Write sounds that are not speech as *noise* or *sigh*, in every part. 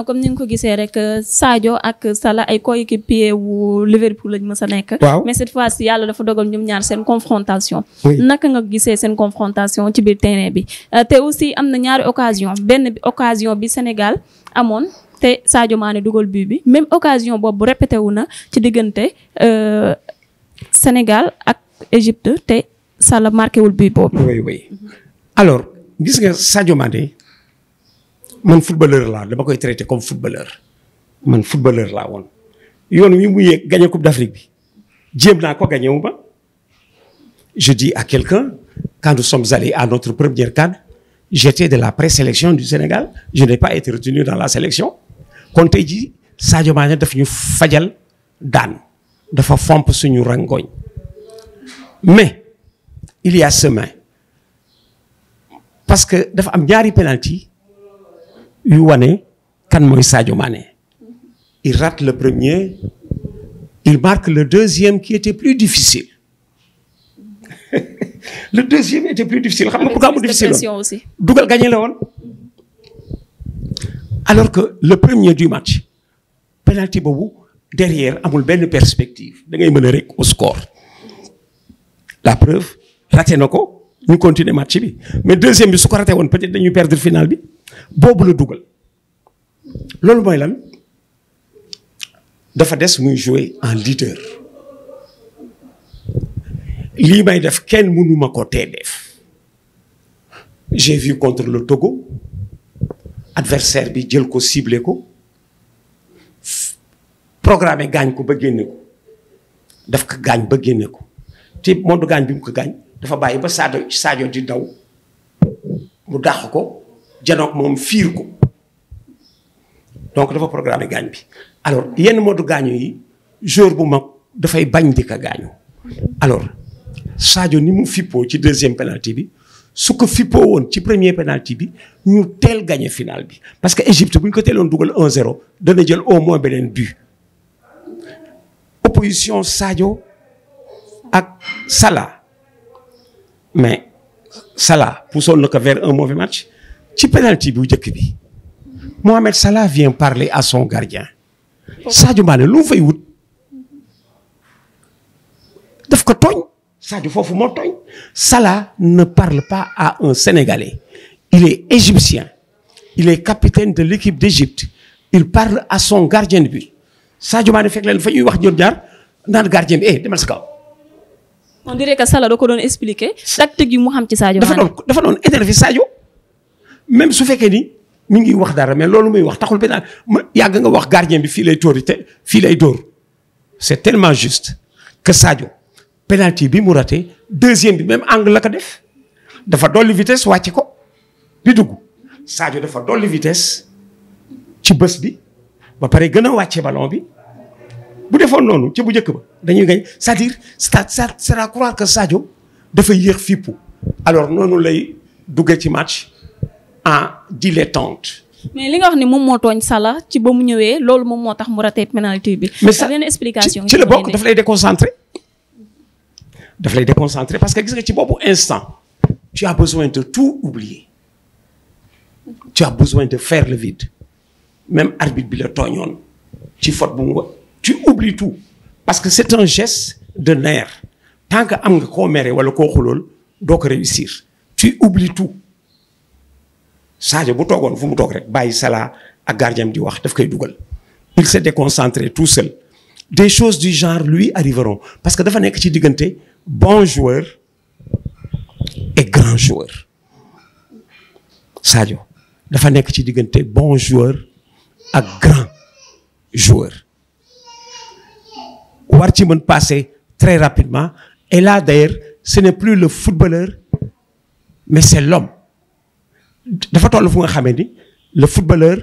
na comme ni nga ko gisee rek euh, Sadio ak Salah ay coéquipier wu Liverpool lañ mës a nekk. waaw mais cette fois yàlla dafa dogal ñoom ñaar seen confrontation. naka nga gisee seen confrontation ci biir terrain bi. Euh, te aussi am na ñaari occasion benn occasion bi Sénégal amoon te Sadio Mané dugal bii bi même occasion boobu répété wu na ci diggante euh, Sénégal ak Égypte te Salah marqué wul bii boobu. oui oui alors gis nga Sadio Mané man footballeur laa dama koy traité comme footballeur man footballeur laa woon yoon wi mu yéeg gagné coupe d'Afrique bi jéem naa ko gagné ma je di à quelqu'un quand nous sommes allés à notre première CAN j'étais de la présélection du Sénégal je n'ai pas été retenu dans la sélection kon tey jii Sadio Mané daf ñu fajal daan dafa fomp suñu rangoñ mais il y a semaine parce que dafa am ñaari penalty yu wane kan mooy Sadio Mané il rate le premier il marque le deuxième qui était plus difficile *laughs* le deuxième était plus difficile xam nga pourquoi mu difficile woon dugal gagné la woon alors que le premier du match penalty boobu derrière amul benn perspective da ngay mën a rek au score la preuve raté na ko ñu continuer match bi mais deuxième bi su ko raté woon peut dañuy perdre finale bi boobu la dugal loolu mooy lan dafa des muy jouer en leader lii may def kenn mënu ma ko tee def j'ai vu contre le Togo adversaire bi jël ko ciblé ko programme gaañ ko ba génne ko daf ko gaañ ba génne ko te moo du gaañ bi mu ko gaañ dafa bàyyi ba Sadio Sadio di daw mu dàq ko janoog moom fiir ko donc dafa programme gaañ bi alors yenn modu gaañu yi jour bu mag dafay bañ di ko gaañu alors Sadio ni mu fippoo ci deuxième penalty bi su ko fippoo woon ci premier penalty bi ñu teel gagné final bi parce que Égypte bu ñu ko teeloon dugal 1-0 dana jël au moins beneen but opposition Sadio ak Salah mais Salah poussoon na ko vers un mauvais ci penalty bu njëkk bi Mohamed Salah vient parler à son gardien Sadio Mané lu mu fay wut daf ko tooñ Sadio foofu moo tooñ Salah ne parle pas à un Sénégalais il est égyptien il est capitaine de l'équipe d'Égypte il parle à son gardien de but Sadio Mané fekk leen fa ñuy wax ñoom ñaar naan gardien bi eh demal si kaw. on dirait que Salah da ko doon expliquer. tactique yi mu xam ci Sadio Mané dafa doon dafa doon énervé même su fekkee ni mu ngi wax dara mais loolu muy wax taxul pénal ma yàgg nga wax gardien bi fii lay tóori te fii lay dóor c'est tellement juste que Sadio penalty bi mu raté deuxième bi même angle la ko def dafa dolli vitesse wàcc ko bi dugg saajo dafa dolli vitesse ci bës bi ba pare gën a wàcce balon bi bu defoon noonu ci bu njëkk ba dañuy gañ c'est-à-dire ça ça sera croire que Sadio dafa yéex fippu alors noonu lay duggee ci match en dilettante. mais li nga wax ni moom moo tooñ sala ci ba mu ñëwee loolu moom moo tax mu raté pénalité bi. mais sa benn explication. ci la bokk daf lay déconcentré. daf lay déconcentré parce que gis nga ci boobu instant. tu as besoin de tout oublier. tu le vide. même arbitre bi la tooñoon. ci faute bu mu wax tu parce que c'est un geste de nerf. tant que am nga koo mere wala koo xulool doo ko réussir. tu oublies tout. Sadio bu toogoon fu mu toog rek bàyyi Salah a gardien di wax def koy dugal il s'est déconcentré tout seul des choses du genre lui arriveront parce que dafa nekk ci diggante bon joueur et grand joueur Sadio dafa nekk ci diggante bon joueur ak grand joueur war ci mën passer très rapidement et là d'ailleurs ce n'est plus le footballeur mais c'est l'homme dafa toll fu nga xamee ni le footballeur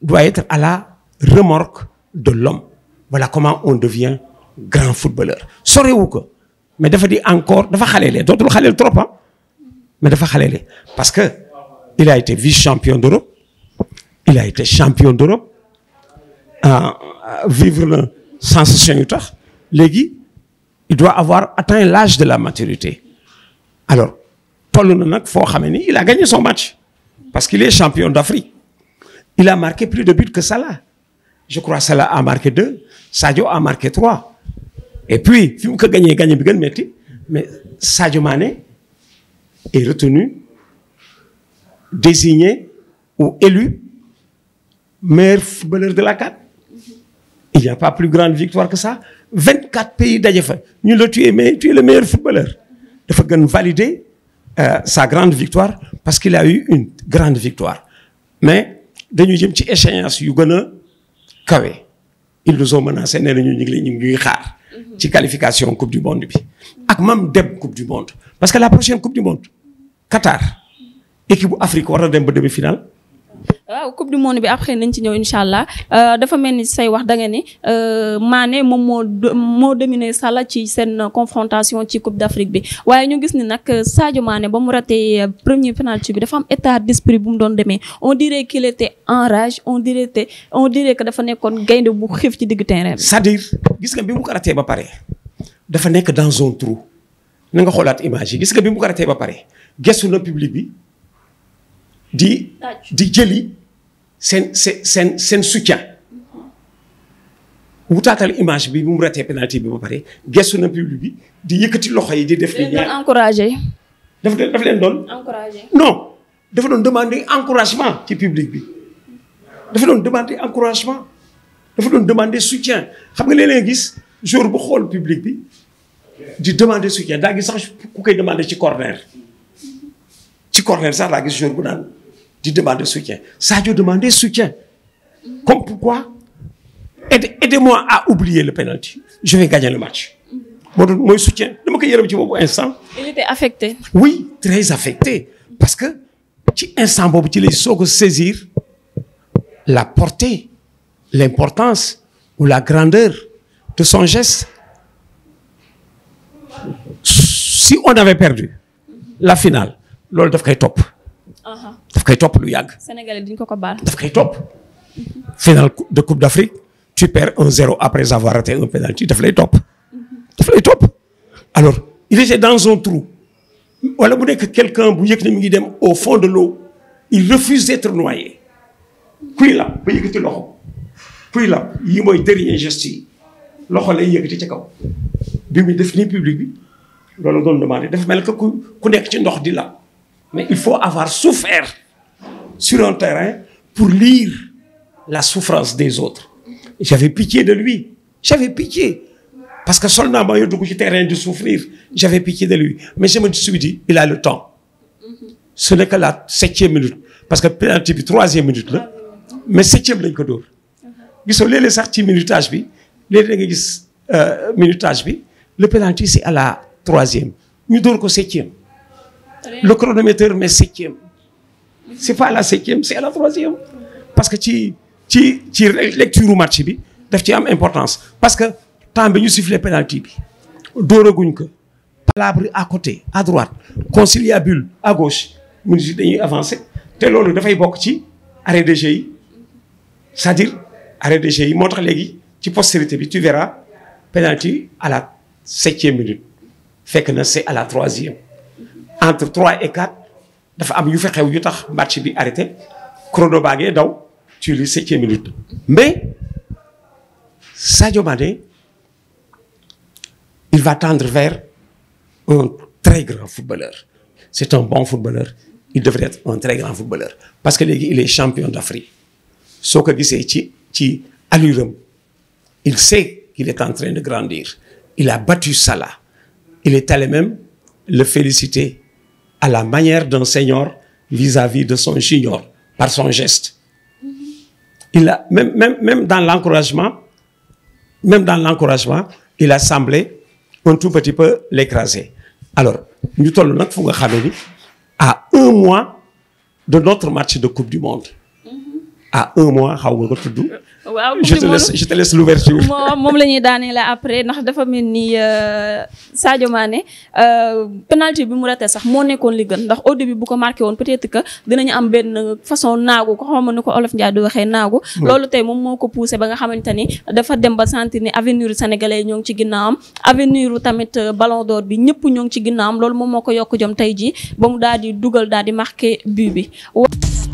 doit être à la remorque de l'homme voilà comment on devient grand footballeur sorewu ko mais defa di encore dafa xaleele dootul xaleel trop ah mais dafa xaleele parce que il a été vice champion d'Europe il a été champion d'Europe ah, ah, vivre na sensation yu tax léegi il doit avoir atteint l'âge de la maturité alors toll na nag foo xamee ni il a gagné son match Parce qu'il est champion d'Afrique. Il a marqué plus de buts que Salah. Je crois que Salah a marqué deux, Sadio a marqué trois. Et puis, fi mu ko gagné gagné bi gën metti mais Sadio Mané est retenu, désigné ou élu meilleur footballeur de la CAN. Il n'y a pas plus grande victoire que ça. 24 pays daje fa ñu la tu es mais le meilleur footballeur dafa gën valider. euh, sa grande victoire parce qu'il a eu une grande victoire mais dañuy jëm ci échéance yu gën a kawe ils nous ont menacé nee ñu ngi ñu ngi ñuy xaar ci qualification coupe du monde bi ak mam dem coupe du monde parce que la prochaine coupe du monde Qatar équipe bu Afrique war na dem ba demi-finale waaw coupe du monde bi après nañ ci ñëw incha allah euh, dafa mel ni say wax da nga ni euh, Mané moom moo moo dominé Salah ci seen confrontation ci coupe d' Afrique bi waaye ñu gis ni nag euh, Sadio maane ba mu raté premier penalty bi dafa am état d' bu mu doon demee on dirait qu'il était enragé on dirait te on dirait que dafa nekkoon gaynde bu xiif ci diggu terrain bi. cest gis nga bi mu ko raté ba pare dafa nekk dans un trou na nga xoolaat image yi gis nga bi mu ko ba pare gestu na public bi seen seen seen seen soutien wutaatal image bi bu mu ratee penalty bi ba pare gestu na public bi di yëkkati loxo yi di def. li ñaar encouragé. daf def leen doon. encouragé non dafa doon demander encouragement ci public bi dafa doon demander encouragement dafa doon demander soutien xam nga léeg gis jour bu xool public bi di demander soutien daa gis sax ku koy demander ci corner ci corner sax daa gis jour bu naan. di demander soutien Sadio demandait soutien comme pourquoi aide aidez-moi à oublier le penalty je vais gagner le match moo doon mooy soutien dama ko yërëm ci boobu instant. il était affecté. oui très affecté parce que ci instant boobu ci lay soog a saisir la portée l'importance ou la grandeur de son geste si on avait perdu la finale loolu daf koy topp. Uh-huh. daf koy topp lu yàgg. Sénégalais duñ ko ko baal. daf kay topp. final de coupe d'Afrique tu perds un zéro après avoir raté un penalty daf lay topp. Mm-hmm. daf lay topp alors il était dans un trou. wala bu nekk quelqu'un bu yëg ne mi ngi dem au fond de l'eau il refuse d'être noyé. kuy la ba yëkkati loxo. kuy la yi mooy dernier geste yi loxo lay yëkkati ca kaw. bi muy def nii public bi loolu doon demandé dafa mel que ku ku nekk ci ndox di la. Mais il faut avoir souffert sur un terrain pour lire la souffrance des autres. J'avais pitié de lui. J'avais pitié. Parce que soldat Mayo Dougouchi terrain de souffrir. J'avais pitié de lui. Mais je me suis dit, il a le temps. Ce n'est que la septième minute. Parce que penalty bi troisième minute la. mais septième lañ ko dóor. gisoo léeg-léeg sax ci minutage bi léeg da nga gis euh, minutage bi le penalty c'est à la troisième ñu dóor ko septième. le chronomètre met septième c'est pas la septième c'est la troisième parce que ci ci ci lecture match bi daf ci am importance parce que temps bi ñu sifflé penalty bi dóoraguñ ko palabre à côté à droite conciliabule à gauche mu dañuy avancé te loolu dafay bokk ci arrêt de jeu yi c'est-à-dire arrêt de jeu yi moo tax léegi ci postérité bi tu verras penalty à la septième minute fekk na c'est à la troisième entre trois et 4 dafa am yu fi yu tax match bi arrêté chrono baa daw ci li septième minute. mais Sadio Mané il va tendre vers un très grand footballeur c'est un bon footballeur il devrait être un très grand footballeur parce que léegi il est champion d'Afrique soo ko gisee ci ci alluram il sait qu'il est en de grandir il a battu Salah il est allé même le féliciter à la manière d'un senior vis-à-vis de son junior, par son geste. Il a, même, même, même dans l'encouragement, même dans l'encouragement, il a semblé un tout petit peu l'écraser. Alors, nous sommes à un mois de notre match de Coupe du Monde. À un mois, waaw je te laisse je te moom la ñuy daanee la après ndax dafa mel ni euh, Sadio Mané euh, penalty bi mu raté sax moo nekkoon li gën ndax au début bu ko marqué woon peut-être que dinañu am benn façon naagu ko xawma ni ko olof Ndiaye di waxee naagu loolu tey moom moo ko poussé ba nga xamante ni dafa dem ba sentir ni avenir sénégalais ñoo ngi ci ginnaawam avenir tamit euh, ballon d'or bi ñëpp ñoo ngi ci ginnaawam loolu moom moo ko yokk jom tey ji ba mu daal di dugal daal di marqué but bi